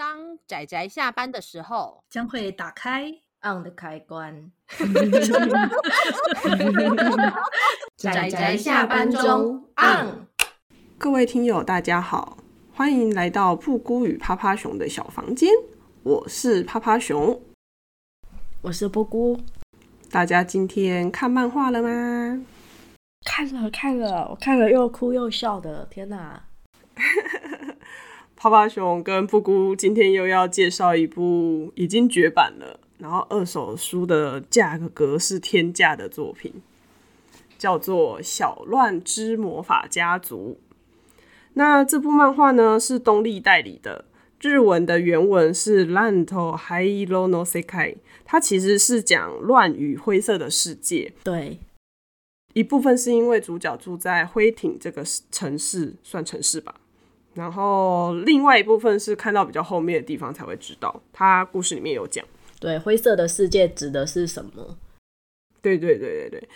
當宅宅下班的時候，將會打開 on、嗯、的開關。宅 宅 下班中 on。嗯、各位聽友，大家好，歡迎來到布菇與啪啪熊的小房間，我是啪啪熊，我是布菇。大家今天看漫畫了嗎？看了看了，我看了又哭又笑的，天哪！ 泡泡熊跟布谷今天又要介紹一部已經絕版了，然後二手書的價格是天價的作品，叫做《小亂之魔法家族》。那這部漫畫呢是東立代理的，日文的原文是《亂と灰色の世界》，它其實是講亂與灰色的世界。對，一部分是因為主角住在灰町這個城市，算城市吧。然後另外一部分是看到比較後面的地方才會知道，他故事裡面有講。對，灰色的世界指的是什麼？對對對對對，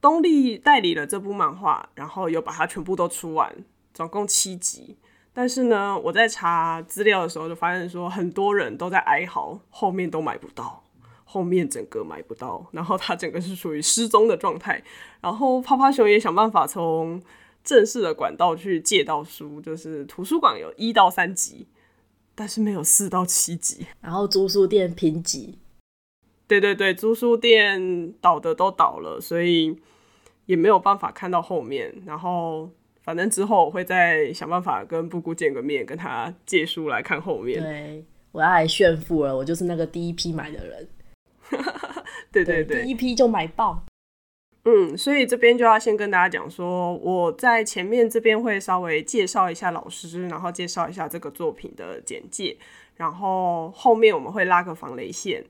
東立代理了這部漫畫，然後有把它全部都出完，總共七集。但是呢，我在查資料的時候就發現說，很多人都在哀嚎，後面都買不到，後面整個買不到，然後它整個是屬於失蹤的狀態。然後泡泡熊也想辦法從。正式的管道去借到書，就是圖書館有一到三集，但是沒有四到七集。然後租書店評級，對對對，租書店倒的都倒了，所以也沒有辦法看到後面。然後反正之後我會再想辦法跟布谷見個面，跟他借書來看後面。對，我要來炫富了，我就是那個第一批買的人。 對對對，對，對，第一批就買爆。嗯，所以這邊就要先跟大家講說，我在前面這邊會稍微介紹一下老師，然後介紹一下這個作品的簡介，然後後面我們會拉個防雷線，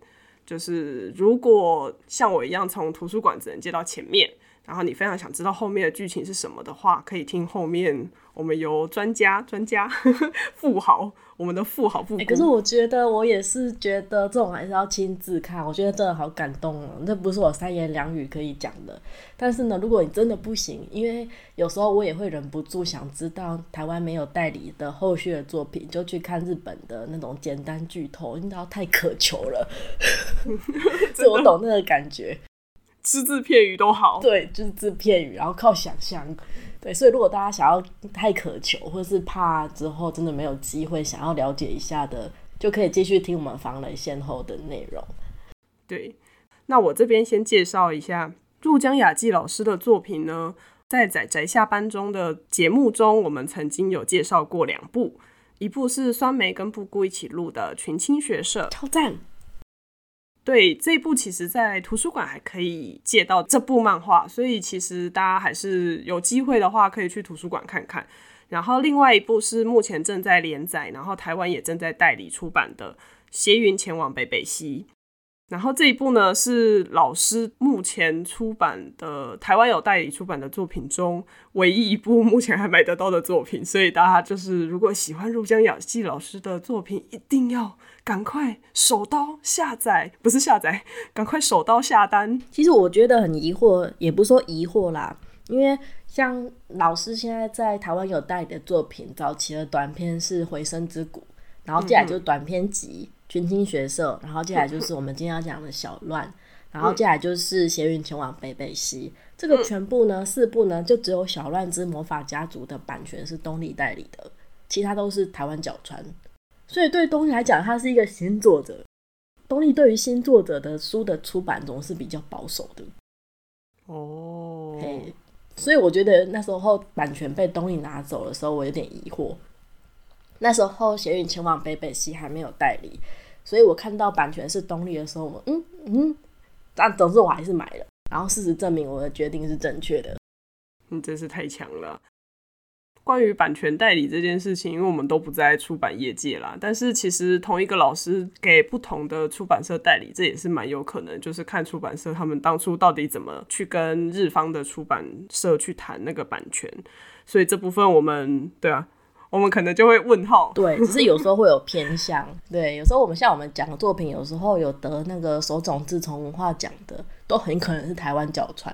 就是如果像我一樣從圖書館只能借到前面，然後你非常想知道後面的劇情是什麼的話，可以聽後面我們由專家、專家、 富豪。我們的富豪不？可是我覺得，我也是覺得這種還是要親自看。我覺得真的好感動啊，那不是我三言兩語可以講的。但是呢，如果你真的不行，因為有時候我也會忍不住想知道台灣沒有代理的後續的作品，就去看日本的那種簡單劇透。你知道，太渴求了。這 的 我懂那個感覺，只字片語都好。對，就是只字片語，然後靠想象。對，所以如果大家想要太渴求，或是怕之後真的沒有機會想要了解一下的，就可以繼續聽我們防雷先後的內容。對，那我這邊先介紹一下入江亞紀老師的作品呢，在《宅宅下班》中的節目中，我們曾經有介紹過兩部，一部是酸梅跟布谷一起錄的《群青學舍》挑戰，超讚。對這一部，其實，在圖書館還可以借到這部漫畫，所以其實大家還是有機會的話，可以去圖書館看看。然後另外一部是目前正在連載，然後台灣也正在代理出版的《偕雲前往北北西》。然後這一部呢，是老師目前出版的台灣有代理出版的作品中唯一一部目前還買得到的作品，所以大家就是如果喜歡入江亞紀老師的作品，一定要。趕快手刀下載，不是下載，趕快手刀下單。其實我覺得很疑惑，也不是說疑惑啦，因為像老師現在在台灣有代理的作品，早期的短篇是《回聲之谷》，然後接下來就是短篇集《嗯嗯群青學舍》，然後接下來就是我們今天要講的小《小亂、嗯》，然後接下來就是《偕雲前往北北西》。這個全部呢，四、嗯、部呢，就只有《小亂之魔法家族》的版權是東立代理的，其他都是台灣角川。所以對東立來講，他是一個新作者。東立對於新作者的書的出版總是比較保守的。哦，oh. hey, 所以我覺得那時候版權被東立拿走的時候，我有點疑惑。那時候偕雲前往北北西還沒有代理，所以我看到版權是東立的時候我，我嗯嗯，但、嗯啊、總之我還是買了。然後事實證明我的決定是正確的。你真是太強了。關於版權代理這件事情，因為我們都不在出版業界啦，但是其實同一個老師給不同的出版社代理，這也是蠻有可能，就是看出版社他們當初到底怎麼去跟日方的出版社去談那個版權。所以這部分我們，對啊，我們可能就會問號，對，只是有時候會有偏向， 對，有時候我們像我們講的作品，有時候有得那個手塚治蟲文化獎的，都很可能是台灣角川，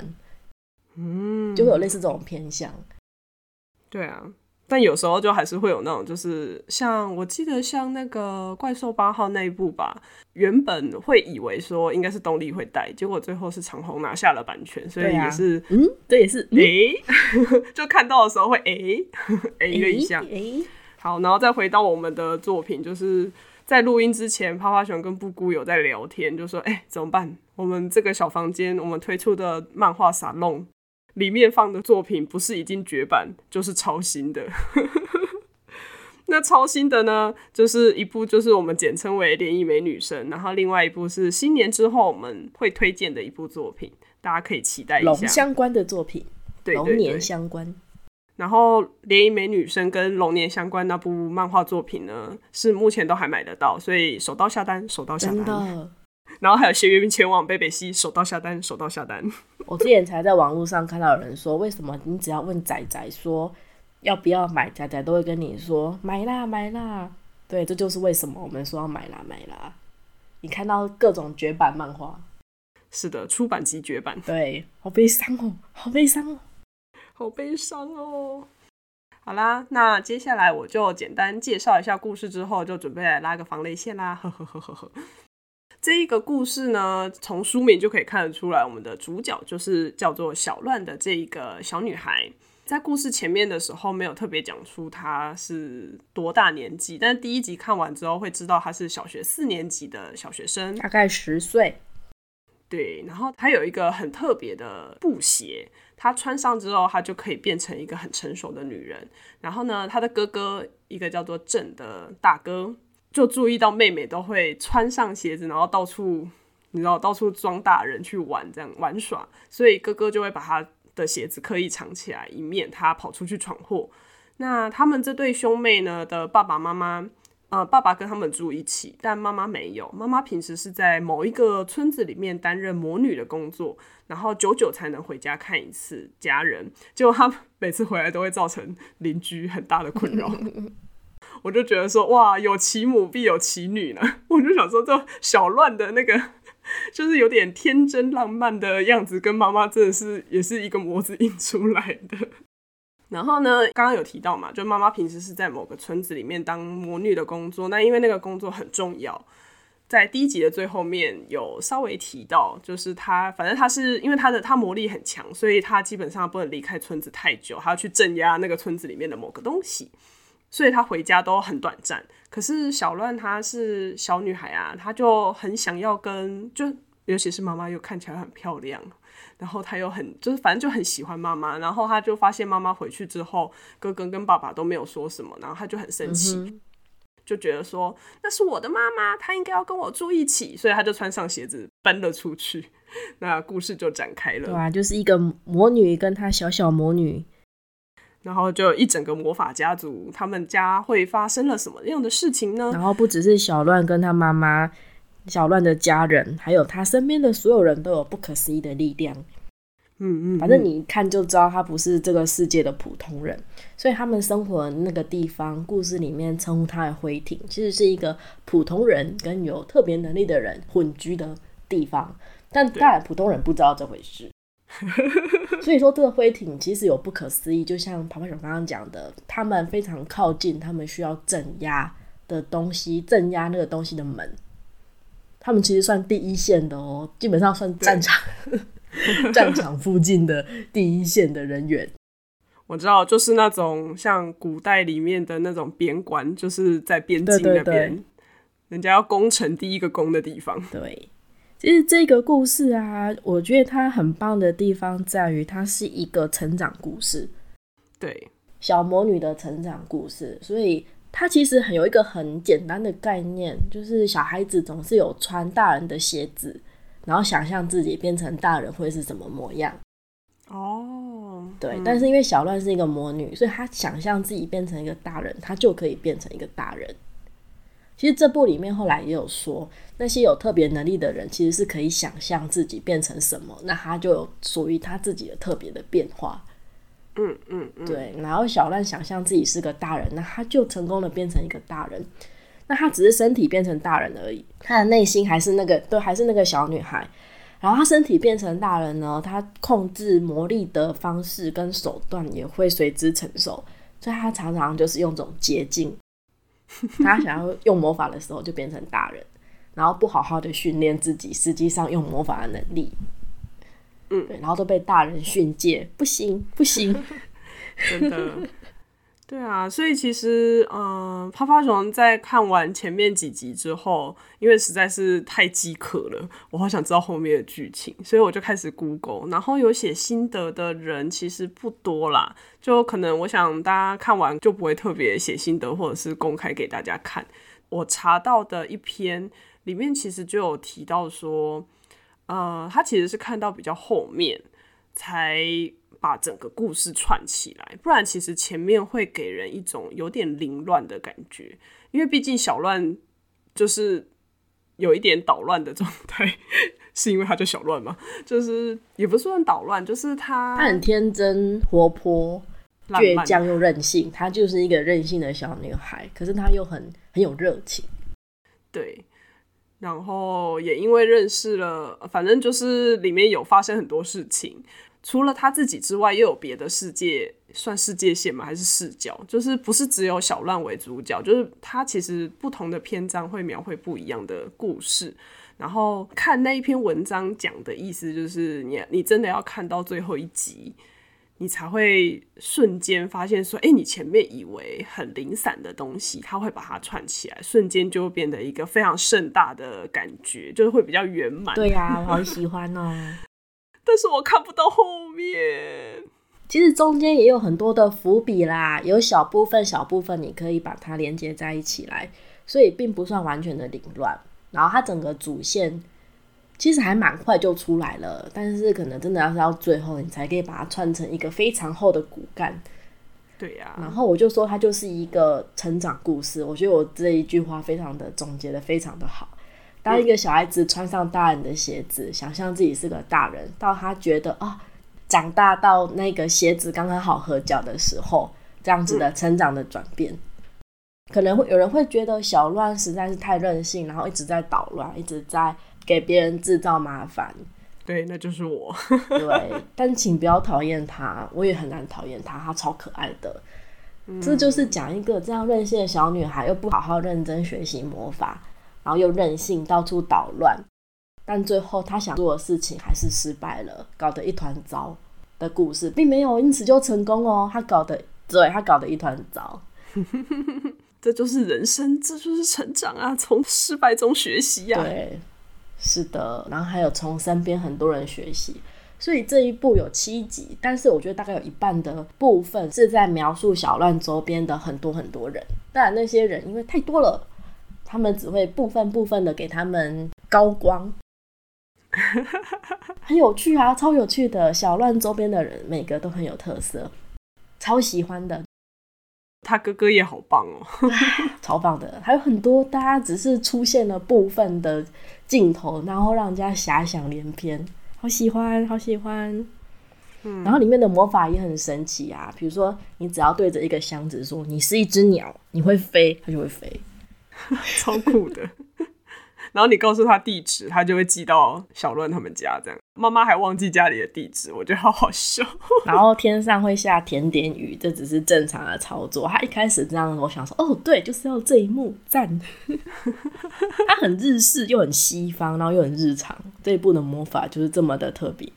嗯，就會有類似這種偏向。對啊，但有時候就還是會有那種，就是像我記得像那個《怪獸八號》那一部吧，原本會以為說應該是東立會帶，結果最後是長鴻拿下了版權，所以也是，對啊、嗯，這也是，哎、嗯， 就看到的時候會，哎，哎，印象，誒。好，然後再回到我們的作品，就是在錄音之前，泡花熊跟布谷有在聊天，就說，哎、欸，怎麼辦？我們這個小房間，我們推出的漫畫沙龍。裡面放的作品不是已經絕版，就是超新的。 那超新的呢，就是一部就是我們簡稱為《連衣美女生》，然後另外一部是新年之後我們會推薦的一部作品，大家可以期待一下。龍相關的作品，對，龍年相關。然後《連衣美女生》跟龍年相關那部漫畫作品呢，是目前都還買得到，所以手刀下單，手刀下單。真的。然後還有《偕雲前往北北西》，手刀下單，手刀下單。我之前才在網絡上看到有人說，為什麼你只要問仔仔說要不要買，仔仔都會跟你說買啦買啦。對，這就是為什麼我們說要買啦買啦。你看到各種絕版漫畫？是的，出版即絕版，對，好悲傷哦，好悲傷，好悲傷哦。好啦，那接下來我就簡單介紹一下故事之後，就準備來拉個防雷線啦。呵呵呵呵呵。這一個故事呢，從書名就可以看得出來，我們的主角就是叫做小亂的這一個小女孩。在故事前面的時候，沒有特別講出她是多大年紀，但是第一集看完之後會知道她是小學四年級的小學生，大概十歲。對，然後她有一個很特別的布鞋，她穿上之後，她就可以變成一個很成熟的女人。然後呢，她的哥哥一個叫做正的大哥。就注意到妹妹都會穿上鞋子，然後到處，你知道，到處裝大人去玩，這樣玩耍。所以哥哥就會把他的鞋子刻意藏起來，以免他跑出去闖禍。那他們這對兄妹呢的爸爸媽媽，呃，爸爸跟他們住一起，但媽媽沒有。媽媽平時是在某一個村子裡面擔任魔女的工作，然後久久才能回家看一次家人。結果他每次回來都會造成鄰居很大的困擾。 我就覺得說，哇，有其母必有其女呢。我就想說，這小亂的那個，就是有點天真浪漫的樣子，跟媽媽真的是也是一個模子印出來的。然後呢，剛剛有提到嘛，就媽媽平時是在某個村子裡面當魔女的工作。那因為那個工作很重要，在第一集的最後面有稍微提到，就是她，反正她是因為她的她魔力很強，所以她基本上不能離開村子太久，還要去鎮壓那個村子裡面的某個東西。所以她回家都很短暫。可是小亂她是小女孩啊，她就很想要跟，就尤其是媽媽又看起來很漂亮，然後她又很就是反正就很喜歡媽媽。然後她就發現媽媽回去之後，哥哥跟爸爸都沒有說什麼，然後她就很生氣，嗯、哼就覺得說那是我的媽媽，她應該要跟我住一起。所以她就穿上鞋子奔了出去，那故事就展開了。哇、對啊，就是一個魔女跟她小小魔女。然後就一整個魔法家族，他們家會發生了什麼樣的事情呢？然後不只是小亂跟他媽媽、小亂的家人，還有他身邊的所有人都有不可思議的力量。嗯嗯，嗯反正你一看就知道他不是這個世界的普通人。嗯、所以他們生活那個地方，故事裡面稱呼他為灰町，其實是一個普通人跟有特別能力的人混居的地方。但當然，普通人不知道這回事。 所以說，這個灰町其實有不可思議，就像爬爬熊剛剛講的，他們非常靠近，他們需要鎮壓的東西，鎮壓那個東西的門。他們其實算第一線的哦，基本上算戰場，對 戰場附近的第一線的人員。我知道，就是那種像古代裡面的那種邊關，就是在邊境那邊，對對對，人家要攻城第一個攻的地方。對。其實這個故事啊，我覺得它很棒的地方在於，它是一個成長故事，對，小魔女的成長故事。所以它其實很有一個很簡單的概念，就是小孩子總是有穿大人的鞋子，然後想象自己變成大人會是什麼模樣。哦，oh, 對。嗯，但是因為小亂是一個魔女，所以她想象自己變成一個大人，她就可以變成一個大人。其實這部裡面後來也有說，那些有特別能力的人，其實是可以想象自己變成什麼，那他就有屬於他自己的特別的變化。嗯嗯，嗯對。然後小亂想象自己是個大人，那他就成功的變成一個大人。那他只是身體變成大人而已，他的內心還是那個，對，還是那個小女孩。然後他身體變成大人呢，他控制魔力的方式跟手段也會隨之成熟，所以他常常就是用這種捷徑。 他想要用魔法的時候，就變成大人，然後不好好的訓練自己，實際上用魔法的能力，嗯，然後都被大人訓誡，不行，不行， 真的。對啊，所以其實，嗯，趴趴熊在看完前面幾集之後，因為實在是太飢渴了，我好想知道後面的劇情，所以我就開始 Google，然後有寫心得的人其實不多啦，就可能我想大家看完就不會特別寫心得，或者是公開給大家看。我查到的一篇裡面其實就有提到說，呃、嗯，他其實是看到比較後面。才把整個故事串起來，不然其實前面會給人一種有點凌亂的感覺，因為畢竟小亂就是有一點搗亂的狀態，是因為他叫小亂嘛，就是也不算搗亂，就是他他很天真活潑、倔強又任性，她就是一個任性的小女孩，可是她又很很有熱情，對，然後也因為認識了，反正就是裡面有發生很多事情。除了他自己之外，又有別的世界，算世界線嗎？還是視角？就是不是只有小亂為主角？就是他其實不同的篇章會描繪不一樣的故事。然後看那一篇文章講的意思，就是你你真的要看到最後一集，你才會瞬間發現說，哎、欸，你前面以為很零散的東西，他會把它串起來，瞬間就會變得一個非常盛大的感覺，就是會比較圓滿。對呀，啊，我好喜歡哦。 但是我看不到後面。其實中間也有很多的伏筆啦，有小部分小部分你可以把它連接在一起來，所以並不算完全的凌亂。然後它整個主線其實還蠻快就出來了，但是可能真的要是到最後你才可以把它串成一個非常厚的骨幹。對呀。啊。然後我就說它就是一個成長故事，我覺得我這一句話非常的總結得非常的好。當一個小孩子穿上大人的鞋子，想象自己是個大人，到他覺得啊，哦，長大到那個鞋子剛剛好合腳的時候，這樣子的成長的轉變，嗯，可能會有人會覺得小亂實在是太任性，然後一直在搗亂，一直在給別人制造麻煩。對，那就是我。 對，但請不要討厭他，我也很難討厭他，他超可愛的。嗯，這就是講一個這樣任性的小女孩，又不好好認真學習魔法。然後又任性，到處搗亂，但最後他想做的事情還是失敗了，搞得一團糟的故事，並沒有因此就成功哦。他搞得，對，他搞得一團糟。 這就是人生，這就是成長啊！從失敗中學習呀、啊。對，是的。然後還有從身邊很多人學習。所以這一部有七集，但是我覺得大概有一半的部分是在描述小亂周邊的很多很多人。當然那些人因為太多了。他們只會部分部分的給他們高光， 很有趣啊，超有趣的！小亂周邊的人每個都很有特色，超喜歡的。他哥哥也好棒哦， 超棒的。還有很多大家只是出現了部分的鏡頭，然後讓人家遐想連篇。好喜歡，好喜歡。嗯，然後裡面的魔法也很神奇啊，比如說你只要對着一個箱子說“你是一隻鳥，你會飛”，它就會飛。 超酷的， 然後你告訴他地址，他就會寄到小亂他們家。這樣媽媽還忘記家裡的地址，我覺得好好笑。 然後天上會下甜點雨，這只是正常的操作。他一開始這樣，我想說，哦，對，就是要這一幕贊。 他很日式，又很西方，然後又很日常。這一部的魔法就是這麼的特別。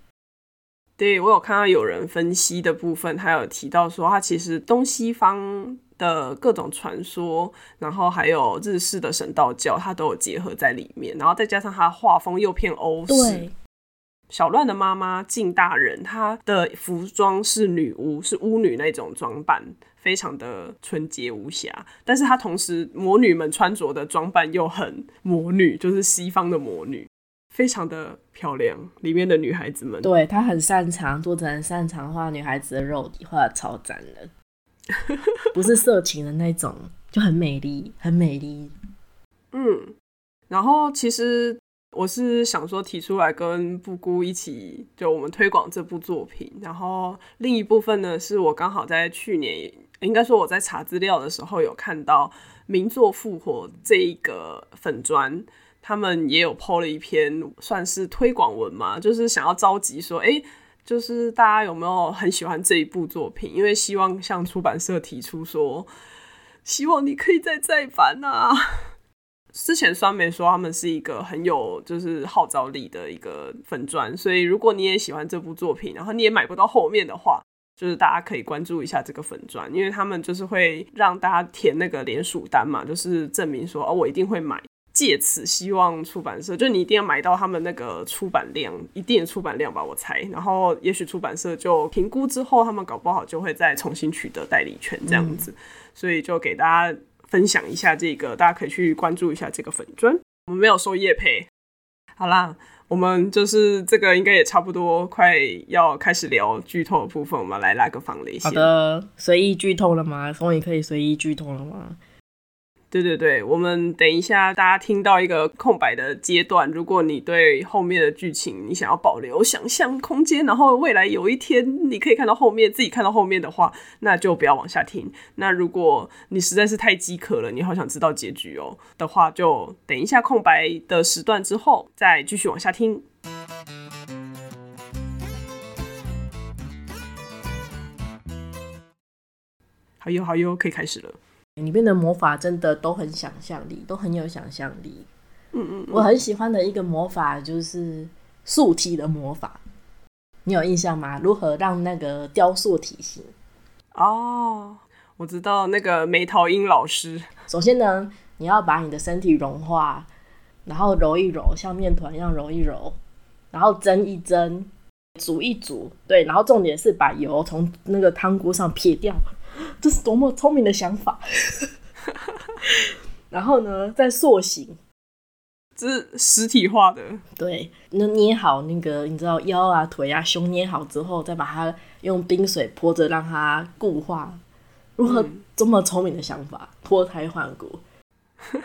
對，我有看到有人分析的部分，他有提到說，他其實東西方，的各種傳說，然後還有日式的神道教，它都有結合在裡面。然後再加上它畫風又偏歐式。對，小亂的媽媽靜大人，她的服裝是女巫，是巫女那種裝扮，非常的純潔無瑕。但是她同時魔女們穿着的裝扮又很魔女，就是西方的魔女，非常的漂亮。裡面的女孩子們，對她很擅長，作者很擅長畫女孩子的肉體畫，畫的超讚的。 不是色情的那種，就很美麗，很美麗。嗯，然後其實我是想說提出來跟布姑一起，就我們推廣這部作品。然後另一部分呢，是我剛好在去年，應該說我在查資料的時候有看到名作復活這一個粉專，他們也有 po 了一篇算是推廣文嘛，就是想要召集說，哎、欸。就是大家有沒有很喜歡這一部作品？因為希望向出版社提出說，希望你可以再再版啊。之前酸梅說他們是一個很有就是號召力的一個粉專，所以如果你也喜歡這部作品，然後你也買不到後面的話，就是大家可以關注一下這個粉專，因為他們就是會讓大家填那個聯署單嘛，就是證明說，哦，我一定會買。借此希望出版社，就你一定要買到他們那個出版量，一定的出版量吧，我猜。然後也許出版社就評估之後，他們搞不好就會再重新取得代理權這樣子。嗯、所以就給大家分享一下這個，大家可以去關注一下這個粉專。我們沒有收業配。好啦，我們就是這個應該也差不多快要開始聊劇透的部分，我們來拉個防雷線。好的，隨意劇透了嗎？風影可以隨意劇透了嗎？對對對，我們等一下，大家聽到一個空白的階段，如果你對後面的劇情你想要保留想象空間，然後未來有一天你可以看到後面，自己看到後面的話，那就不要往下聽。那如果你實在是太飢渴了，你好想知道結局哦的話，就等一下空白的時段之後再繼續往下聽。好喲好喲，可以開始了。裡面的魔法真的都很想象力都很有想象力嗯，嗯嗯，我很喜歡的一個魔法就是塑體的魔法。你有印象嗎？如何讓那個雕塑體型？哦，我知道那個梅桃英老師。首先呢，你要把你的身體融化，然後揉一揉，像麵團一樣揉一揉，然後蒸一蒸，煮一煮，對，然後重點是把油從那個湯鍋上撇掉。這是多麼聰明的想法！ 然後呢，在塑形，這是實體化的。對，那捏好那個，你知道腰啊、腿啊、胸捏好之後，再把它用冰水潑着，讓它固化。如何這麼聰明的想法？脫胎換骨，嗯、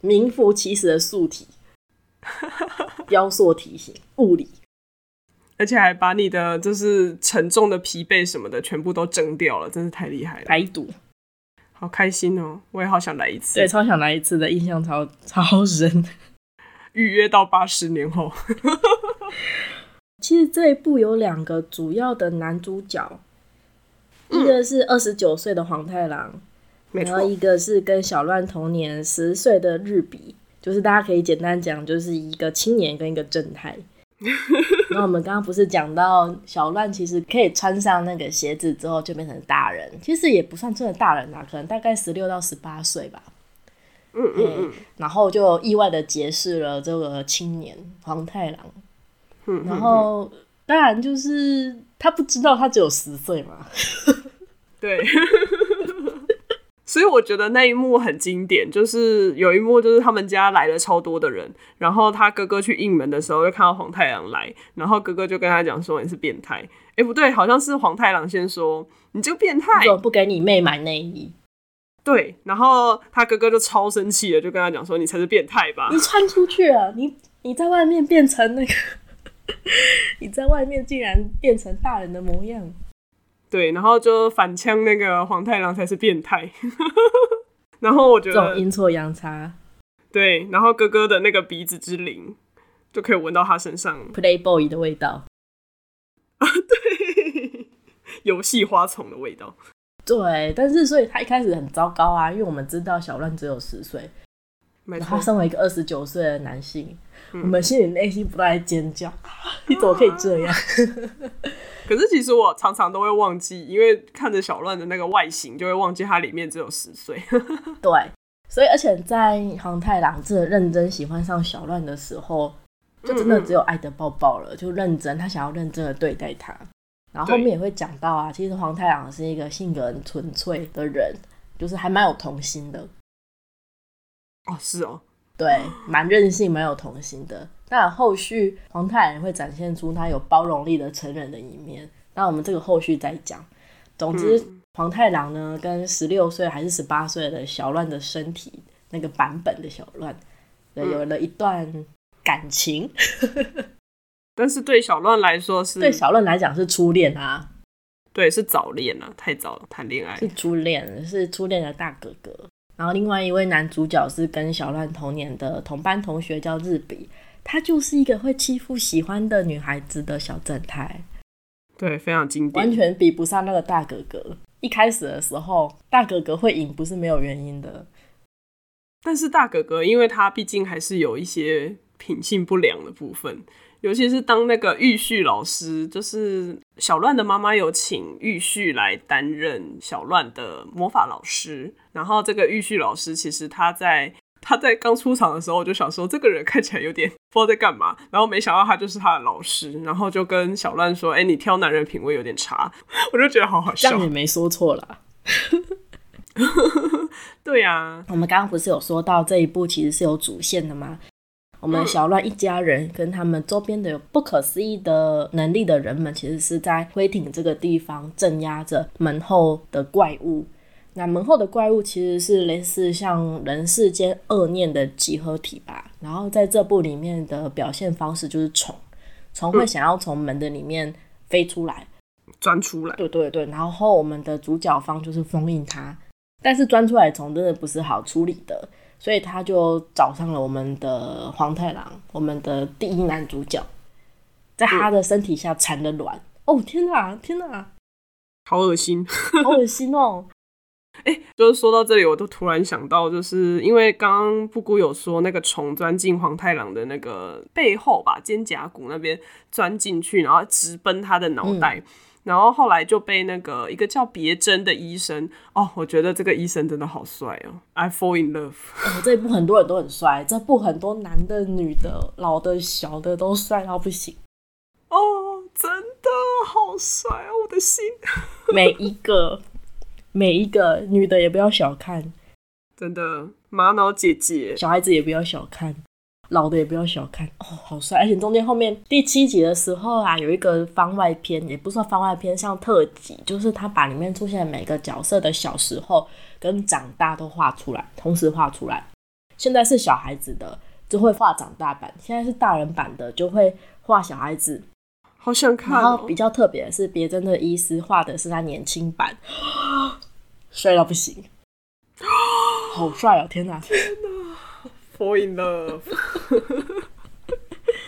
名副其實的塑體， 雕塑體型，物理。而且還把你的就是沉重的疲憊什麼的全部都蒸掉了，真是太厲害了！排毒，好開心哦、喔！我也好想來一次，對，超想來一次的印象超超深。預約到八十年後。 其實這一部有兩個主要的男主角，嗯、一個是二十九歲的黃太郎，沒錯，然後一個是跟小亂同年十歲的日比，就是大家可以簡單講，就是一個青年跟一個正太。 那我們剛剛不是講到小亂其實可以穿上那個鞋子之後就變成大人，其實也不算真的大人啦，啊，可能大概十六到十八歲吧。嗯、嗯、嗯、欸，、然後就意外的結識了這個青年黃太郎。嗯、嗯、嗯，然後當然就是他不知道他只有十歲嘛。對。 所以我覺得那一幕很經典，就是有一幕就是他們家來了超多的人，然後他哥哥去應門的時候，就看到黃太狼來，然後哥哥就跟他講說，你是變態。哎、欸，不對，好像是黃太狼先說，你這個變態，不給你妹買內衣。對，然後他哥哥就超生氣了，就跟他講說，你才是變態吧，你穿出去了，你你在外面變成那個， 你在外面竟然變成大人的模樣。對，然後就反嗆那個黃太郎才是變態， 然後我覺得這種陰錯陽差，對，然後哥哥的那個鼻子之靈就可以聞到他身上 playboy 的味道，啊，對， 遊戲花叢的味道，對，但是所以他一開始很糟糕啊，因為我們知道小亂只有十歲，沒錯，然後他身為一個二十九歲的男性，嗯、我們心裡內心不斷在尖叫，你怎麼可以這樣？啊 可是其實我常常都會忘記，因為看着小亂的那個外形，就會忘記他裡面只有十歲。 對，所以而且在黃太郎真的認真喜歡上小亂的時候，就真的只有愛的抱抱了，嗯、哼就認真，他想要認真的對待他。然後後面也會講到啊，對其實黃太郎是一個性格很純粹的人，就是還蠻有童心的。哦，是哦，對，蠻任性，蠻有童心的。那後續黃太郎會展現出他有包容力的成人的一面。那我們這個後續再講。總之，黃、嗯、太郎呢跟十六歲還是十八歲的小亂的身體那個版本的小亂，有了一段感情，嗯。但是對小亂來說是，對小亂來講是初戀啊，對，是早戀了，啊，太早了談戀愛。是初戀，是初戀的大哥哥。然後另外一位男主角是跟小亂同年的同班同學，叫日比。他就是一個會欺負喜歡的女孩子的小正太，對，非常經典，完全比不上那個大哥哥。一開始的時候，大哥哥會贏不是沒有原因的。但是大哥哥，因為他畢竟還是有一些品性不良的部分，尤其是當那個玉旭老師，就是小亂的媽媽有請玉旭來擔任小亂的魔法老師，然後這個玉旭老師其實他在。他在剛出場的時候，我就想說這個人看起來有點不知道在幹嘛，然後沒想到他就是他的老師，然後就跟小亂說：“哎、欸，你挑男人品味有點差。”我就覺得好好笑。這樣你沒說錯啦。 對呀、啊，我們剛剛不是有說到這一部其實是有主線的嗎？我們小亂一家人跟他們周邊的有不可思議的能力的人們，其實是在灰町這個地方鎮壓着門後的怪物。那門後的怪物其實是類似像人世間惡念的集合體吧，然後在這部裡面的表現方式就是蟲，蟲會想要從門的裡面飛出來，鑽出來。對對對，然後，後我們的主角方就是封印它，但是鑽出來蟲真的不是好處理的，所以他就找上了我們的黃太郎，我們的第一男主角，在他的身體下產的卵。嗯、哦天哪，天哪，好惡噁心， 好惡心哦。哎、欸，就是說到這裡，我都突然想到，就是因為剛剛布谷有說那個蟲鑽進黃太狼的那個背後吧，肩胛骨那邊鑽進去，然後直奔他的腦袋，嗯、然後後來就被那個一個叫別針的醫生，哦、喔，我覺得這個醫生真的好帥哦、喔，I fall in love。哦，這部很多人都很帥，這部很多男的、女的、老的、小的都帥到不行。哦，真的好帥哦、啊，我的心。每一個。每一個女的也不要小看，真的瑪瑙姐姐，小孩子也不要小看，老的也不要小看哦，oh, 好帥！而且中間後面第七集的時候啊，有一個番外篇，也不算番外篇，像特輯，就是他把裡面出現每個角色的小時候跟長大都畫出來，同時畫出來。現在是小孩子的就會畫長大版，現在是大人版的就會畫小孩子。好像看，哦，比較特別是，別針的醫師畫的是他年輕版，帥到不行，好帥，哦，啊！天哪，啊，天哪，fall in love。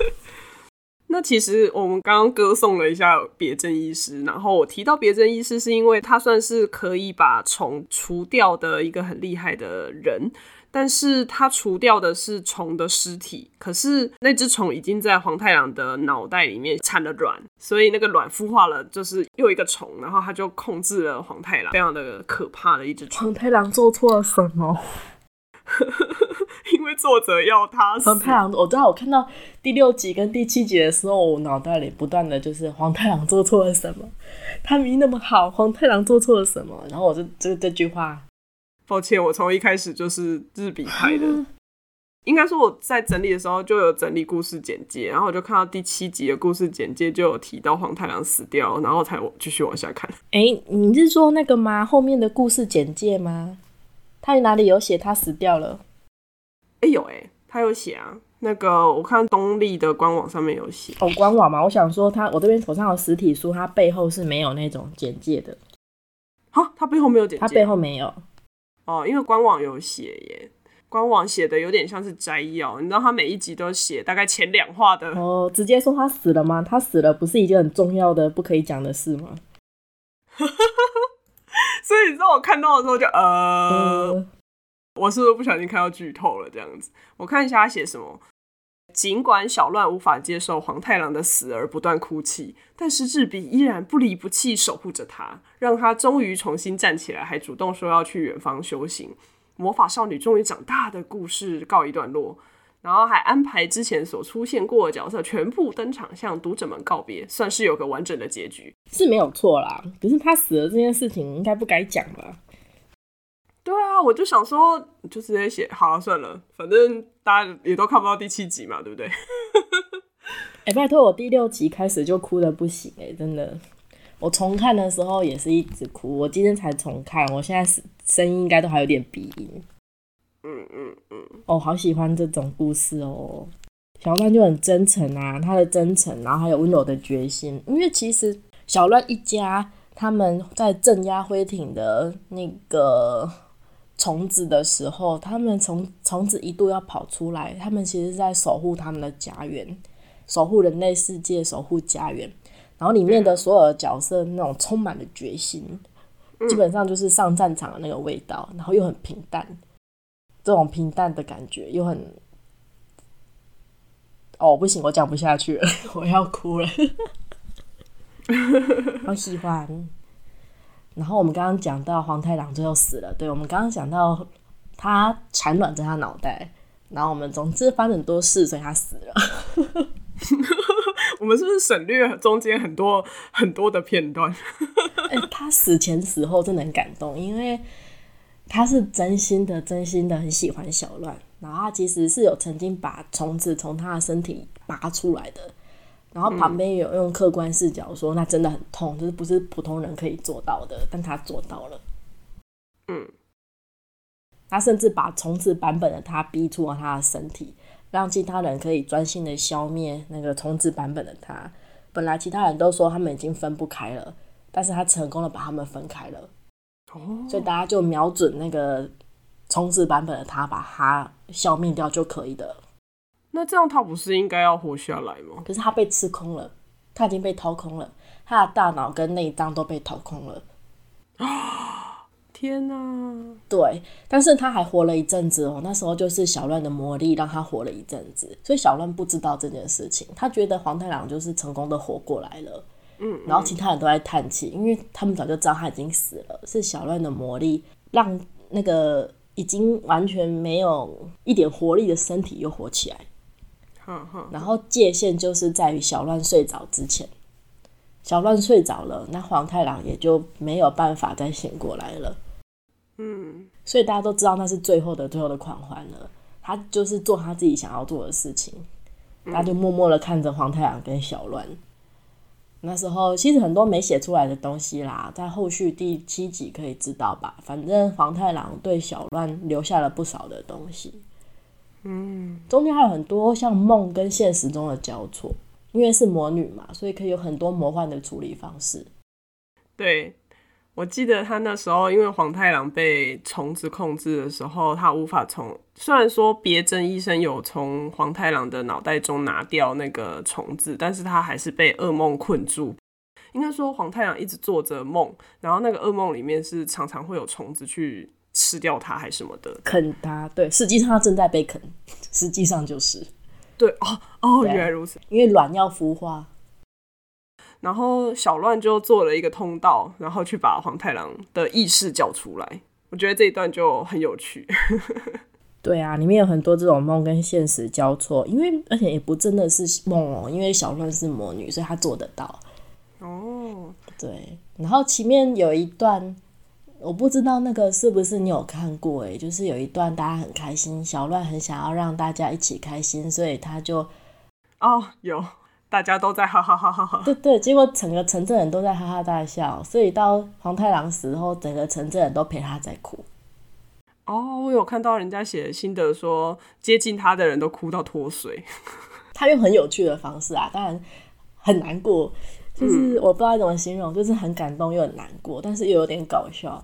那其實我們剛剛歌頌了一下別針醫師，然後我提到別針醫師，是因為他算是可以把蟲除掉的一個很厲害的人。但是他除掉的是蟲的屍體，可是那隻蟲已經在黃太狼的腦袋裡面產了卵，所以那個卵孵化了，就是又一個蟲，然後他就控制了黃太狼，非常的可怕的一隻蟲。黃太狼做錯了什麼？ 因為作者要他死。黃太狼，我知道，我看到第六集跟第七集的時候，我腦袋裡不斷的就是黃太狼做錯了什麼，他明明那麼好，黃太狼做錯了什麼？然後我就就這句話。抱歉，我從一開始就是日比拍的。 應該說我在整理的時候就有整理故事簡介，然後我就看到第七集的故事簡介就有提到黃太郎死掉，然後才繼續往下看。哎、欸，你是說那個嗎？後面的故事簡介嗎？他有哪裡有寫他死掉了？哎、欸，有哎、欸，他有寫啊。那個我看東立的官網上面有寫哦，官網嘛。我想說他，我這邊手上的實體書，他背後是沒有那種簡介的。好，它背後沒有簡介、啊。它背後沒有。哦，因為官網有寫耶，官網寫的有點像是摘要，你知道他每一集都寫大概前兩話的。哦，直接說他死了嗎？他死了不是一件很重要的、不可以講的事嗎？ 所以你知道我看到的時候就呃，呃我是不是不小心看到劇透了這樣子？我看一下他寫什麼。儘管小亂無法接受黃太郎的死而不斷哭泣，但是志比依然不離不棄守護着他，讓他終於重新站起來，還主動說要去遠方修行。魔法少女終於長大的故事告一段落，然後還安排之前所出現過的角色全部登場向讀者們告別，算是有個完整的結局。是沒有錯啦，可是他死了這件事情應該不該講吧？對啊，我就想說，就直接寫好了、啊、算了，反正。大家也都看不到第七集嘛，對不對？哎、 欸，拜託我第六集開始就哭得不行哎、欸，真的，我重看的時候也是一直哭。我今天才重看，我現在聲聲音應該都還有點鼻音。嗯嗯嗯，嗯嗯哦，好喜歡這種故事哦，小亂就很真誠啊，他的真誠，然後還有溫柔的決心。因為其實小亂一家他們在鎮壓灰町的那個。蟲子的時候，他們從蟲子一度要跑出來，他們其實在守護他們的家園，守護人類世界，守護家園。然後裡面的所有的角色那種充滿了決心，嗯、基本上就是上戰場的那個味道，然後又很平淡，這種平淡的感覺又很……哦，不行，我講不下去了，我要哭了。好 喜歡。然後我們剛剛講到黃太狼最後死了，對，我們剛剛講到他產卵在他腦袋，然後我們總之發生很多事，所以他死了。 我們是不是省略了中間很多很多的片段？哎、 欸，他死前死後真的很感動，因為他是真心的真心的很喜歡小亂，然後他其實是有曾經把蟲子從他的身體拔出來的。然後旁邊有用客觀視角說，嗯、那真的很痛，就是不是普通人可以做到的，但他做到了。嗯，他甚至把蟲子版本的他逼出了他的身體，讓其他人可以專心的消滅那個蟲子版本的他。本來其他人都說他們已經分不開了，但是他成功的把他們分開了。哦、所以大家就瞄準那個蟲子版本的他，把他消滅掉就可以的。那這樣他不是應該要活下來嗎？可是他被吃空了，他已經被掏空了，他的大腦跟內臟都被掏空了。啊！天哪！對，但是他還活了一陣子哦。那時候就是小亂的魔力讓他活了一陣子，所以小亂不知道這件事情，他覺得黃太郎就是成功的活過來了。嗯，嗯，然後其他人都在嘆氣，因為他們早就知道他已經死了，是小亂的魔力讓那個已經完全沒有一點活力的身體又活起來。然後界限，就是在於小亂睡着之前，小亂睡着了，那黃太郎也就沒有辦法再醒過來了。嗯，所以大家都知道那是最後的最後的狂歡了。他就是做他自己想要做的事情，他就默默的看着黃太郎跟小亂。那時候其實很多沒寫出來的東西啦，在後續第七集可以知道吧。反正黃太郎對小亂留下了不少的東西。嗯，中間還有很多像夢跟現實中的交錯，因為是魔女嘛，所以可以有很多魔幻的處理方式。對，我記得他那時候，因為黃太狼被蟲子控制的時候，他無法從雖然說別針醫生有從黃太狼的腦袋中拿掉那個蟲子，但是他還是被噩夢困住。應該說，黃太狼一直做着夢，然後那個噩夢裡面是常常會有蟲子去。吃掉它還是什麼的，啃它。對，實際上它正在被啃，實際上就是，對哦，哦，啊，原來如此。因為卵要孵化，然後小亂就做了一個通道，然後去把黃太狼的意識叫出來。我覺得這一段就很有趣。 對啊，裡面有很多這種夢跟現實交錯，因為而且也不真的是夢哦，因為小亂是魔女，所以她做得到。哦，對。然後前面有一段。我不知道那個是不是你有看過誒。就是有一段大家很開心，小亂很想要讓大家一起開心，所以他就哦、oh，有，大家都在哈哈哈哈哈。對，對對，結果整個城鎮人都在哈哈大笑，所以到黃太郎時候，整個城鎮人都陪他在哭。哦，oh，我有看到人家寫心得說，接近他的人都哭到脫水。 他用很有趣的方式啊，當然很難過。就是我不知道怎麼形容，就是很感動又很難過，但是又有點搞笑。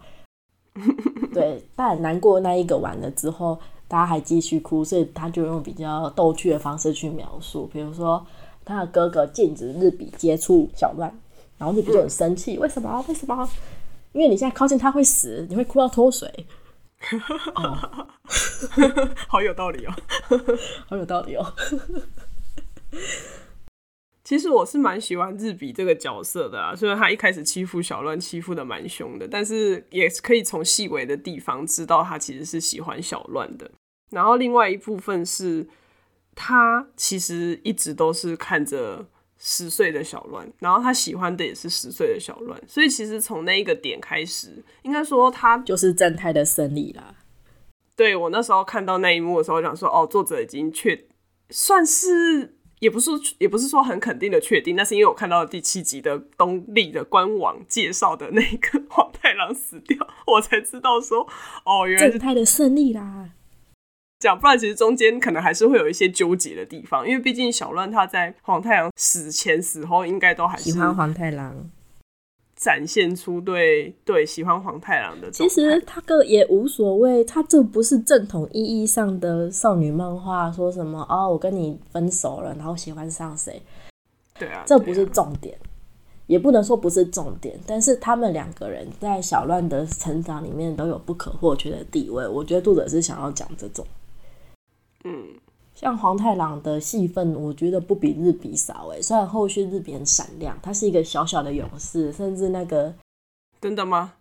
對，但難過那一個完了之後，大家還繼續哭，所以他就用比較逗趣的方式去描述，比如說他的哥哥禁止日比接觸小亂，然後就覺得很生氣，嗯、為什麼？為什麼？因為你現在靠近他會死，你會哭到脫水。 嗯、 好有道理哦， 好有道理哦。其實我是蠻喜歡日比這個角色的啊，雖然他一開始欺負小亂欺負得蠻兇的，但是也可以從細微的地方知道他其實是喜歡小亂的。然後另外一部分是，他其實一直都是看着十歲的小亂，然後他喜歡的也是十歲的小亂，所以其實從那一個點開始，應該說他就是正太的勝利了。對，我那時候看到那一幕的時候，我想說，哦，作者已經確算是。也不是，也不是說很肯定的確定，那是因為我看到了第七集的東立的官網介紹的那個黃太郎死掉，我才知道說，哦，原來是正太的勝利啦。講不然，其實中間可能還是會有一些糾結的地方，因為畢竟小亂他在黃太郎死前死後，應該都還是喜歡黃太郎。展現出對對喜歡黃太郎的，其實他個也無所謂，他這不是正統意義上的少女漫畫，說什麼啊，哦，我跟你分手了，然後喜歡上誰？對啊，對啊，這不是重點，也不能說不是重點，但是他們兩個人在小亂的成長裡面都有不可或缺的地位，我覺得作者是想要講這種，嗯。像黃太郎的戲份，我覺得不比日比少哎、欸。雖然後續日比很閃亮，他是一個小小的勇士，甚至那個真的嗎？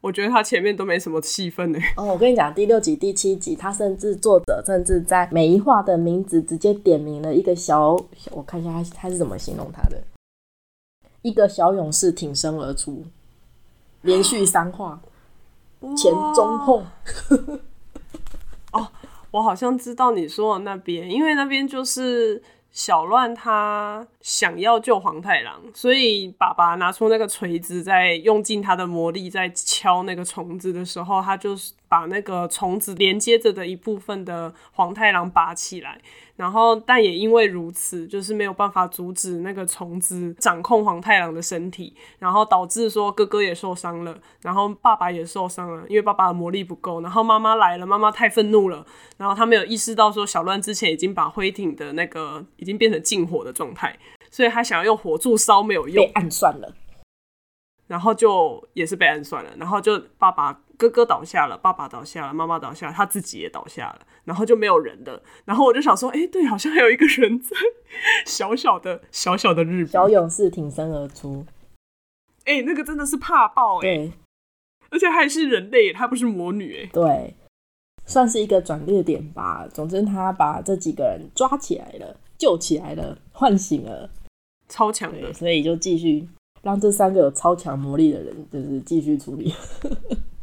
我覺得他前面都沒什麼戲份、欸、哦，我跟你講，第六集、第七集，他甚至作者甚至在每一話的名字直接點名了一個小，我看一下他他是怎麼形容他的，一個小勇士挺身而出，連續三話哇前中後哇 哦。我好像知道你說的那邊，因為那邊就是小亂他想要救黃太狼，所以爸爸拿出那個錘子，在用盡他的魔力在敲那個蟲子的時候，他就是。把那個蟲子連接着的一部分的黃太狼拔起來，然後但也因為如此，就是沒有辦法阻止那個蟲子掌控黃太狼的身體，然後導致說哥哥也受傷了，然後爸爸也受傷了，因為爸爸的魔力不夠，然後媽媽來了，媽媽太憤怒了，然後他沒有意識到說小亂之前已經把灰艇的那個已經變成禁火的狀態，所以他想要用火柱燒沒有用，被暗算了，然後就也是被暗算了，然後就爸爸。哥哥倒下了，爸爸倒下了，媽媽倒下了，他自己也倒下了，然後就沒有人的。然後我就想說，哎、欸，對，好像還有一個人在小小的小小的日本小勇士挺身而出。哎、欸，那個真的是怕爆誒、欸，對而且還是人類，他不是魔女、欸。誒，對，算是一個轉折點吧。總之，他把這幾個人抓起來了，救起來了，喚醒了超強的，所以就繼續讓這三個有超強魔力的人，就是繼續處理。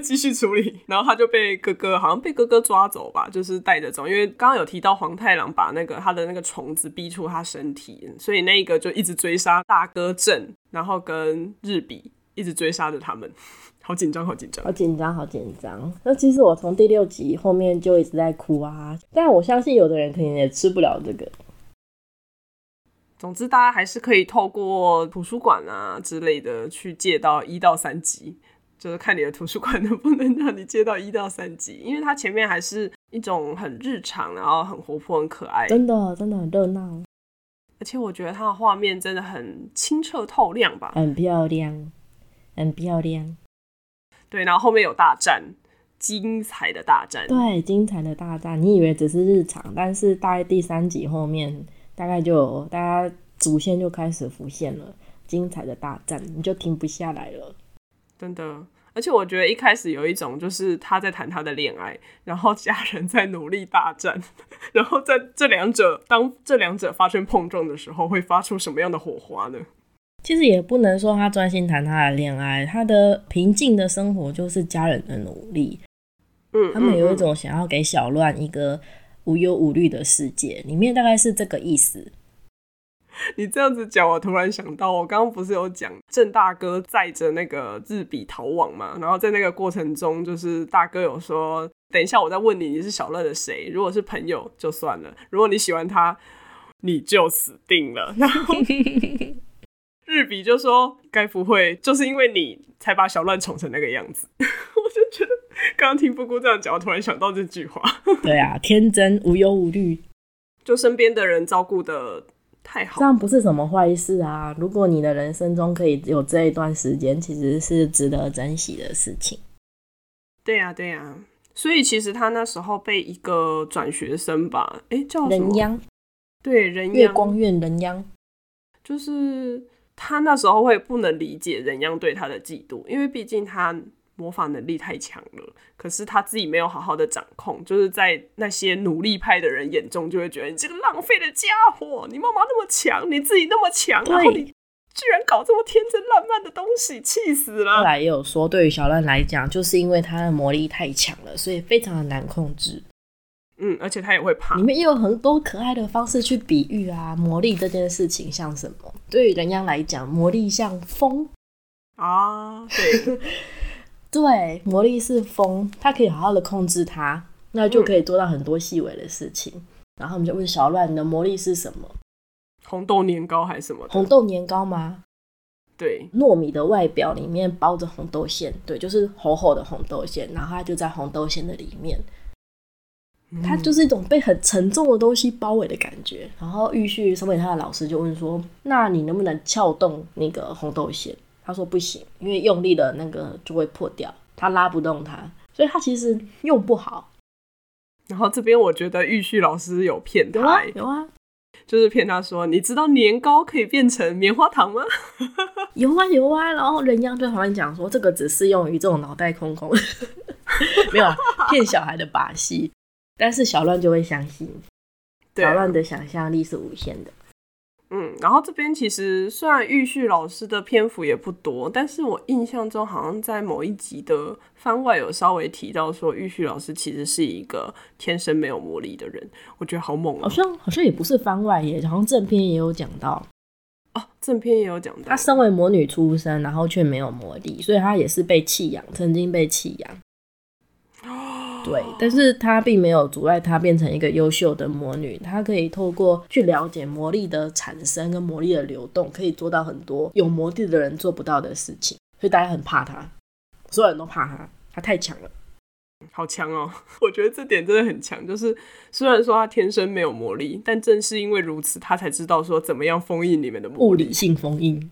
繼續處理，然後他就被哥哥，好像被哥哥抓走吧，就是帶着走。因為剛剛有提到黃太郎把那個他的那個蟲子逼出他身體，所以那個就一直追殺大哥正，然後跟日比一直追殺着他們，好緊張，好緊張，好緊張，好緊張。那其實我從第六集後面就一直在哭啊，但我相信有的人肯定也吃不了這個。總之，大家還是可以透過圖書館啊之類的去借到一到三集。就是看你的圖書館能不能讓你接到一到三集，因為它前面還是一種很日常，然後很活潑、很可愛，真的真的很熱鬧。而且我覺得它的畫面真的很清澈透亮吧，很漂亮，很漂亮。對，然後後面有大戰，精彩的大戰。對，精彩的大戰。你以為只是日常，但是大概第三集後面，大概就大家主線就開始浮現了，精彩的大戰，你就停不下來了。真的，而且我覺得一開始有一種就是他在談他的戀愛，然後家人在努力大戰，然後在這兩者當這兩者發生碰撞的時候，會發出什麼樣的火花呢？其實也不能說他專心談他的戀愛，他的平靜的生活就是家人的努力。嗯，他們有一種想要給小亂一個無憂無慮的世界，裡面大概是這個意思。你這樣子講，我突然想到，我剛剛不是有講鄭大哥載着那個日比逃亡嘛？然後在那個過程中，就是大哥有說，等一下我再問你，你是小亂的誰？如果是朋友就算了，如果你喜歡他，你就死定了。然後日比就說，該不會就是因為你才把小亂寵成那個樣子？ 我就覺得，剛剛聽布穀這樣講，我突然想到這句話。對啊，天真無憂無慮，就身邊的人照顧的。太好這樣不是什麼壞事啊！如果你的人生中可以有這一段時間，其實是值得珍惜的事情。對啊，對啊，所以其實他那時候被一個轉學生吧，哎，叫人央，對人央，月光院人央，就是他那時候會不能理解人央對他的嫉妒，因為畢竟他。模仿能力太強了，可是他自己沒有好好的掌控，就是在那些努力派的人眼中，就會覺得你這個浪費的傢伙，你媽媽那麼強，你自己那麼強，對然後你居然搞這麼天真爛漫的東西，氣死了。後來也有說，對於小亂來講，就是因為他的魔力太強了，所以非常的難控制。嗯，而且他也會怕。你們也有很多可愛的方式去比喻啊，魔力這件事情像什麼？對於人家來講，魔力像風啊，對。 對，魔力是風，它可以好好的控制它，那就可以做到很多細微的事情。嗯、然後我們就問小亂，你的魔力是什麼？紅豆年糕還是什麼？紅豆年糕嗎？對，糯米的外表裡面包着紅豆餡，對，就是厚厚的紅豆餡。然後它就在紅豆餡的裡面，嗯、它就是一種被很沉重的東西包圍的感覺。然後玉旭身為他的老師就問說，那你能不能撬動那個紅豆餡？他說不行，因為用力的那個就會破掉，他拉不動他，所以他其實用不好。然後這邊我覺得玉旭老師有騙對、啊，有啊就是騙他說，你知道年糕可以變成棉花糖嗎？ 有啊有啊。然後人家就好像講說，這個只適用於這種腦袋空空， 沒有騙、啊、小孩的把戲。但是小亂就會相信，小亂對的想象力是無限的。嗯，然後這邊其實雖然玉旭老師的篇幅也不多，但是我印象中好像在某一集的番外有稍微提到說，玉旭老師其實是一個天生沒有魔力的人，我覺得好猛啊、哦！好像好像也不是番外耶，好像正片也有講到哦、啊，正片也有講到，她身為魔女出生，然後卻沒有魔力，所以她也是被棄養，曾經被棄養。對，但是她並沒有阻礙她變成一個優秀的魔女。她可以透過去了解魔力的產生跟魔力的流動，可以做到很多有魔力的人做不到的事情。所以大家很怕她，所有人都怕她，她太強了。好強哦！我覺得這點真的很強。就是雖然說她天生沒有魔力，但正是因為如此，她才知道說怎麼樣封印裡面的魔力。物理性封印。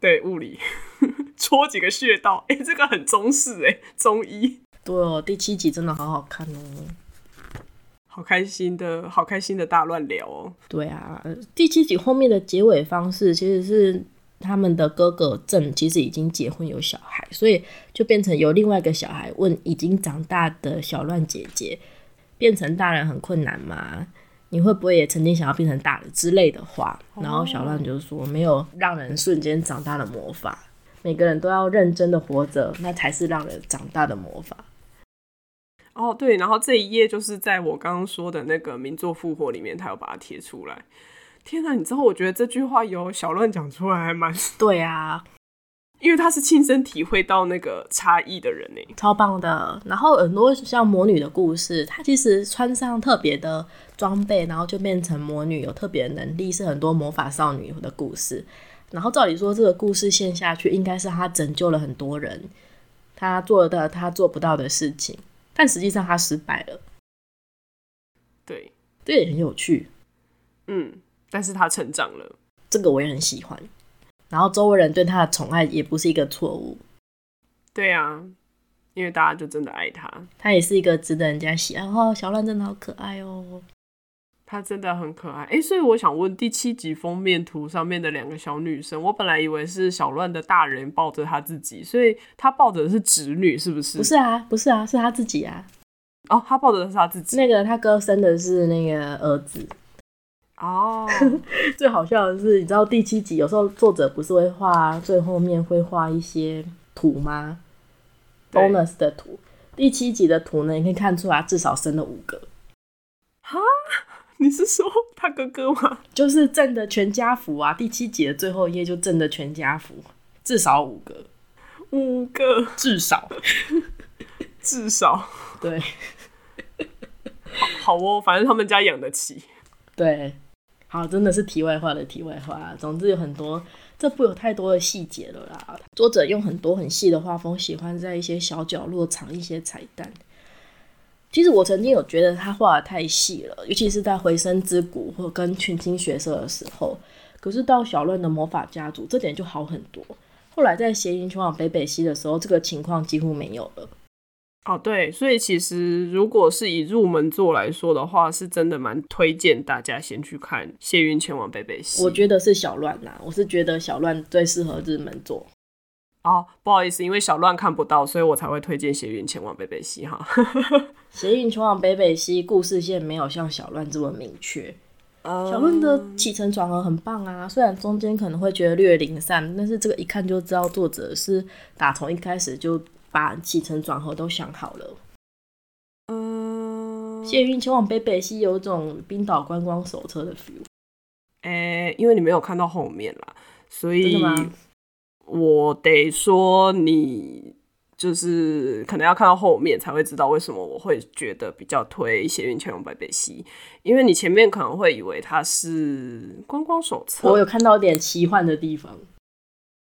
對，物理， 戳幾個穴道。哎、欸，這個很中式哎、欸，中醫。對哦，第七集真的好好看哦，好開心的，好開心的大亂聊哦。對啊，第七集後面的結尾方式其實是他們的哥哥正其實已經結婚有小孩，所以就變成有另外一個小孩問已經長大的小亂姐姐，變成大人很困難嗎？你會不會也曾經想要變成大人之類的話？然後小亂就說，沒有讓人瞬間長大的魔法，每個人都要認真的活着，那才是讓人長大的魔法。哦，oh, 對，然後這一頁就是在我剛剛說的那個名作復活裡面，他有把它貼出來。天吶，你知道，我覺得這句話有小亂講出來還蠻……對啊，因為他是親身體會到那個差異的人呢，超棒的。然後很多像魔女的故事，她其實穿上特別的裝備，然後就變成魔女，有特別的能力，是很多魔法少女的故事。然後照理說，這個故事線下去應該是她拯救了很多人，她做的，她做不到的事情。但實際上他失敗了，對，這也很有趣，嗯，但是他成長了，這個我也很喜歡，然後周圍人對他的寵愛也不是一個錯誤，對啊，因為大家就真的愛他，他也是一個值得人家喜愛。哈、哦，小亂真的好可愛哦。她真的很可愛，哎、欸，所以我想問第七集封面圖上面的兩個小女生，我本來以為是小亂的大人抱着她自己，所以她抱着的是侄女，是不是？不是啊，不是啊，是她自己啊。哦，她抱着的是她自己。那個她哥生的是那個兒子。哦，oh. 最好笑的是，你知道第七集有時候作者不是會畫最後面會畫一些圖嗎對？bonus 的圖，第七集的圖呢，你可以看出來他至少生了五個。哈？你是說他哥哥嗎？就是掙的全家福啊！第七集最後一頁就掙的全家福，至少五個，五個至少，至少對。好，好哦，反正他們家養得起。對，好，真的是題外話的題外話。總之有很多，這部有太多的細節了啦。作者用很多很細的畫風，喜歡在一些小角落藏一些彩蛋。其實我曾經有覺得他畫得太細了，尤其是在回聲之谷或跟群青學舍的時候。可是到小亂的魔法家族，這點就好很多。後來在偕雲前往北北西的時候，這個情況幾乎沒有了。哦，對，所以其實如果是以入門作來說的話，是真的蠻推薦大家先去看偕雲前往北北西。我覺得是小亂啦，我是覺得小亂最適合入門作。哦，不好意思，因為小亂看不到，所以我才會推薦偕雲前往北北西哈。 偕雲前往北北西，故事線沒有像小亂這麼明確。嗯、小亂的起承轉合很棒啊，雖然中間可能會覺得略零散，但是這個一看就知道作者是打從一開始就把起承轉合都想好了。嗯，偕雲前往北北西有一種冰島觀光手冊的 feel。哎、欸，因為你沒有看到後面啦，所以真的嗎？我得說你。就是可能要看到後面才會知道為什麼我會覺得比較推《偕雲前往北北西》，因為你前面可能會以為它是觀光手冊，我有看到點奇幻的地方。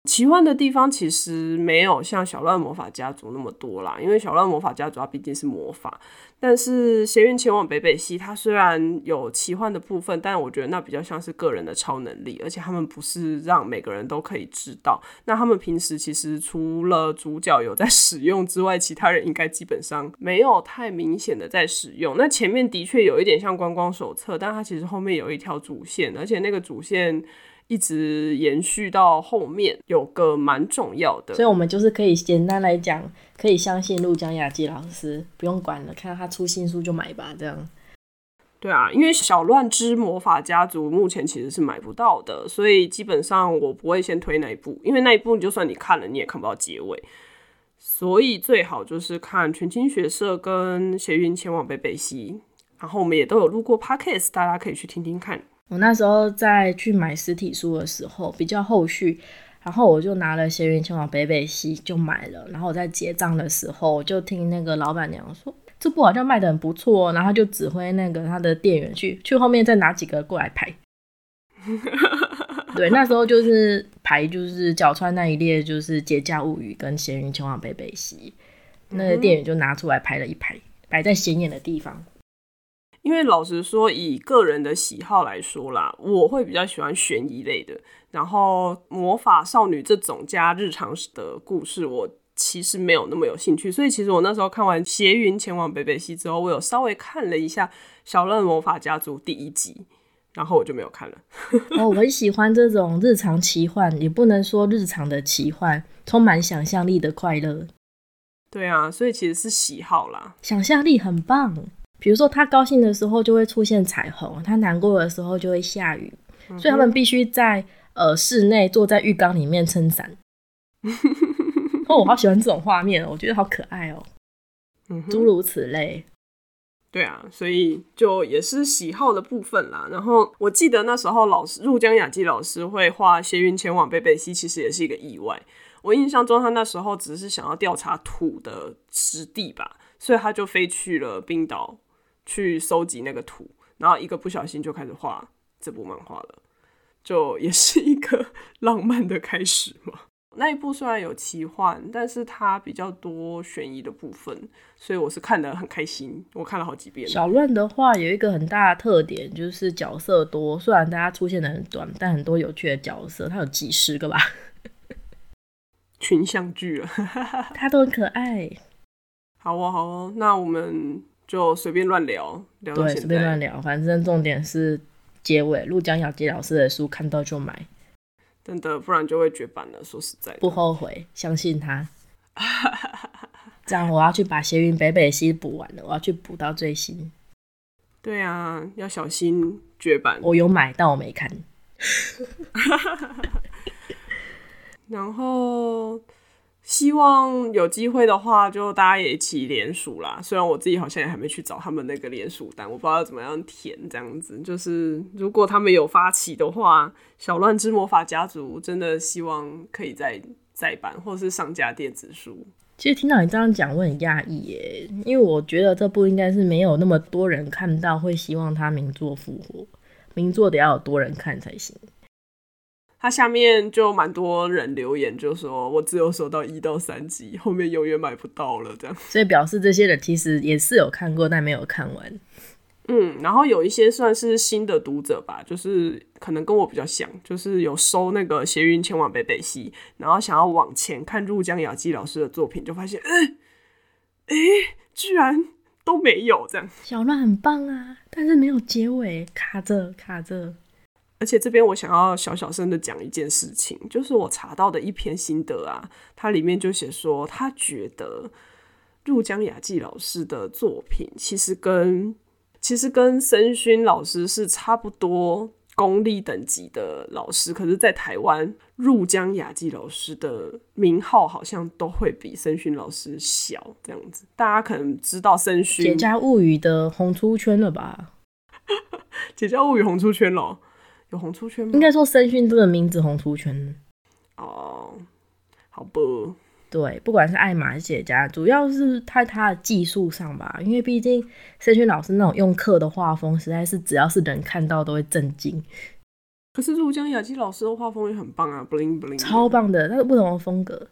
奇幻的地方其實沒有像小亂魔法家族那麼多啦，因為小亂魔法家族它畢竟是魔法。但是，偕雲前往北北西，它雖然有奇幻的部分，但我覺得那比較像是個人的超能力，而且他們不是讓每個人都可以知道。那他們平時其實除了主角有在使用之外，其他人應該基本上沒有太明顯的在使用。那前面的確有一點像觀光手冊，但它其實後面有一條主線，而且那個主線。一直延續到後面，有個蠻重要的，所以我們就是可以簡單來講，可以相信入江亞紀老師，不用管了，看到他出新書就買吧，這樣。對啊，因為《小亂之魔法家族》目前其實是買不到的，所以基本上我不會先推那一部，因為那一部就算你看了，你也看不到結尾，所以最好就是看《群青學舍》跟《偕雲前往北北西》，然後我們也都有錄過 podcast，大家可以去聽聽看。我那時候在去買實體書的時候，比較後續，然後我就拿了《偕雲前往北北西》就買了，然後我在結賬的時候，就聽那個老闆娘說這部好像賣得很不錯，哦，然後就指揮那個他的店員去去後面再拿幾個過來排。 對，那時候就是排就是角川那一列就是《節假物語》跟《偕雲前往北北西》，那個店員就拿出來排了一排，擺、嗯、哼在顯眼的地方。因為老實說，以個人的喜好來說啦，我會比較喜歡懸疑類的，然後魔法少女這種加日常的故事，我其實沒有那麼有興趣。所以其實我那時候看完《偕雲前往北北西》之後，我有稍微看了一下《小亂魔法家族》第一集，然後我就沒有看了、 哦。我很喜歡這種日常奇幻，也不能說日常的奇幻，充滿想象力的快樂。對啊，所以其實是喜好啦，想象力很棒。比如說，他高興的時候就會出現彩虹，他難過的時候就會下雨，嗯、哼所以他們必須在呃室內坐在浴缸裡面撐傘。 哦，我好喜歡這種畫面，我覺得好可愛哦、喔。嗯哼，諸如此類。對啊，所以就也是喜好的部分啦。然後我記得那時候老師入江亞紀老師會畫偕雲前往北北西，其實也是一個意外。我印象中他那時候只是想要調查土的實地吧，所以他就飛去了冰島。去收集那個圖，然後一個不小心就開始畫這部漫畫了，就也是一個浪漫的開始嘛。那一部雖然有奇幻，但是它比較多懸疑的部分，所以我是看得很開心，我看了好幾遍。小亂的話有一個很大的特點就是角色多，雖然大家出現的很短，但很多有趣的角色，它有幾十個吧，群像劇啊，它 都很可愛。好哦，好哦，那我們。就隨便亂聊，聊，對，隨便亂聊，反正重點是結尾。入江亞紀老師的書看到就買，真的，不然就會絕版了。說實在，不後悔，相信他。 這樣，我要去把《偕雲北北西》補完了，我要去補到最新。對啊，要小心絕版。我有買，但我沒看。 然後。希望有機會的話，就大家也一起聯署啦。雖然我自己好像也還沒去找他們那個聯署，但我不知道怎麼樣填這樣子。就是如果他們有發起的話，小亂之魔法家族真的希望可以再再版，或是上架電子書。其實聽到你這樣講，我很訝異耶，因為我覺得這部應該是沒有那麼多人看到會希望他名作復活，名作得要有多人看才行。他下面就蠻多人留言，就說我只有收到一到三集，後面永遠買不到了，這樣。所以表示這些人其實也是有看過，但沒有看完。嗯，然後有一些算是新的讀者吧，就是可能跟我比較像，就是有收那個《偕雲前往北北西》，然後想要往前看入江亞紀老師的作品，就發現，嗯，哎、欸，居然都沒有，這樣。小亂很棒啊，但是沒有結尾，卡着卡着。而且這邊我想要小小聲的講一件事情，就是我查到的一篇心得啊，他裡面就寫說，他覺得入江亞紀老師的作品其實跟其實跟森薰老師是差不多功力等級的老師，可是，在台灣，入江亞紀老師的名號好像都會比森薰老師小，這樣子，大家可能知道森薰《姊嫁物語》的紅出圈了吧，《姊 嫁物語》紅出圈了有紅出圈嗎？應該說森薰這個名字紅出圈哦，oh, 好吧。對，不管是艾瑪還是姐家，主要是他他的技術上吧，因為畢竟森薰老師那種用課的畫風，實在是只要是人看到都會震驚。可是入江亞紀老師的畫風也很棒啊，bling bling，超棒的，那是不同的風格。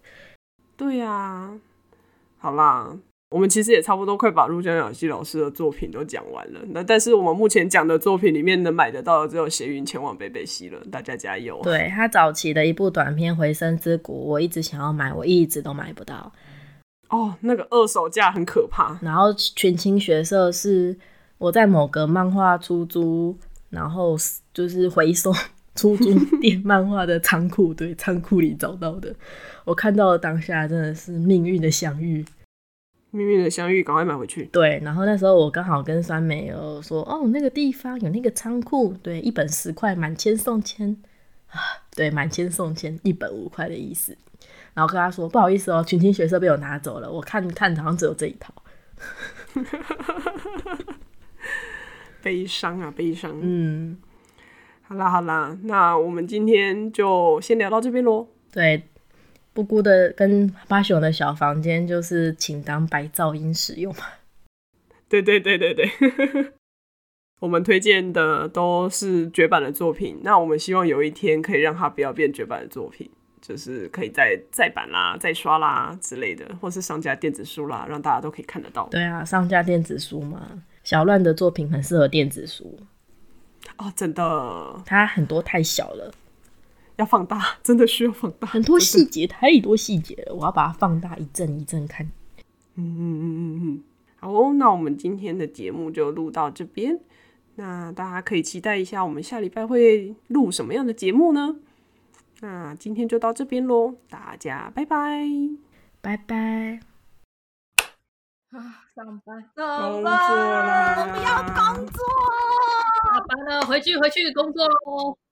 對呀、啊，好啦。我們其實也差不多快把入江亞紀老師的作品都講完了。那但是我們目前講的作品裡面能買得到的，只有《偕雲前往北北西》了，大家加油。對，他早期的一部短片《回聲之谷》，我一直想要買，我一直都買不到。哦，那個二手價很可怕。然後《群青學舍》是我在某個漫畫出租，然後就是回收出租店 漫畫的倉庫，對，倉庫裡找到的。我看到了當下真的是命運的相遇。秘密的相遇，趕快買回去。對，然後那時候我剛好跟酸梅哦說，哦那個地方有那個倉庫，對，一本十塊，滿千送千啊，對，滿千送千，一本五塊的意思。然後跟他說，不好意思哦，群青學舍被我拿走了，我看看好像只有這一套。哈哈哈哈哈！悲傷啊，悲傷。嗯，好啦好啦，那我們今天就先聊到這邊嘍。對。布穀的跟巴熊的小房間就是，請當白噪音使用嘛。對對對對對， 我們推薦的都是絕版的作品，那我們希望有一天可以讓它不要變絕版的作品，就是可以再再版啦、再刷啦之類的，或是上架電子書啦，讓大家都可以看得到。對啊，上架電子書嘛，小亂的作品很適合電子書。哦，真的，它很多太小了。要放大，真的需要放大很多細節，就是、太多細節了，我要把它放大一陣一陣看。嗯嗯嗯嗯嗯。好哦，那我們今天的節目就錄到這邊，那大家可以期待一下，我們下禮拜會錄什麼樣的節目呢？那今天就到這邊嘍，大家拜拜，拜拜。啊，上班，上班，工作啦我們要工作，下班了，回去回去工作嘍。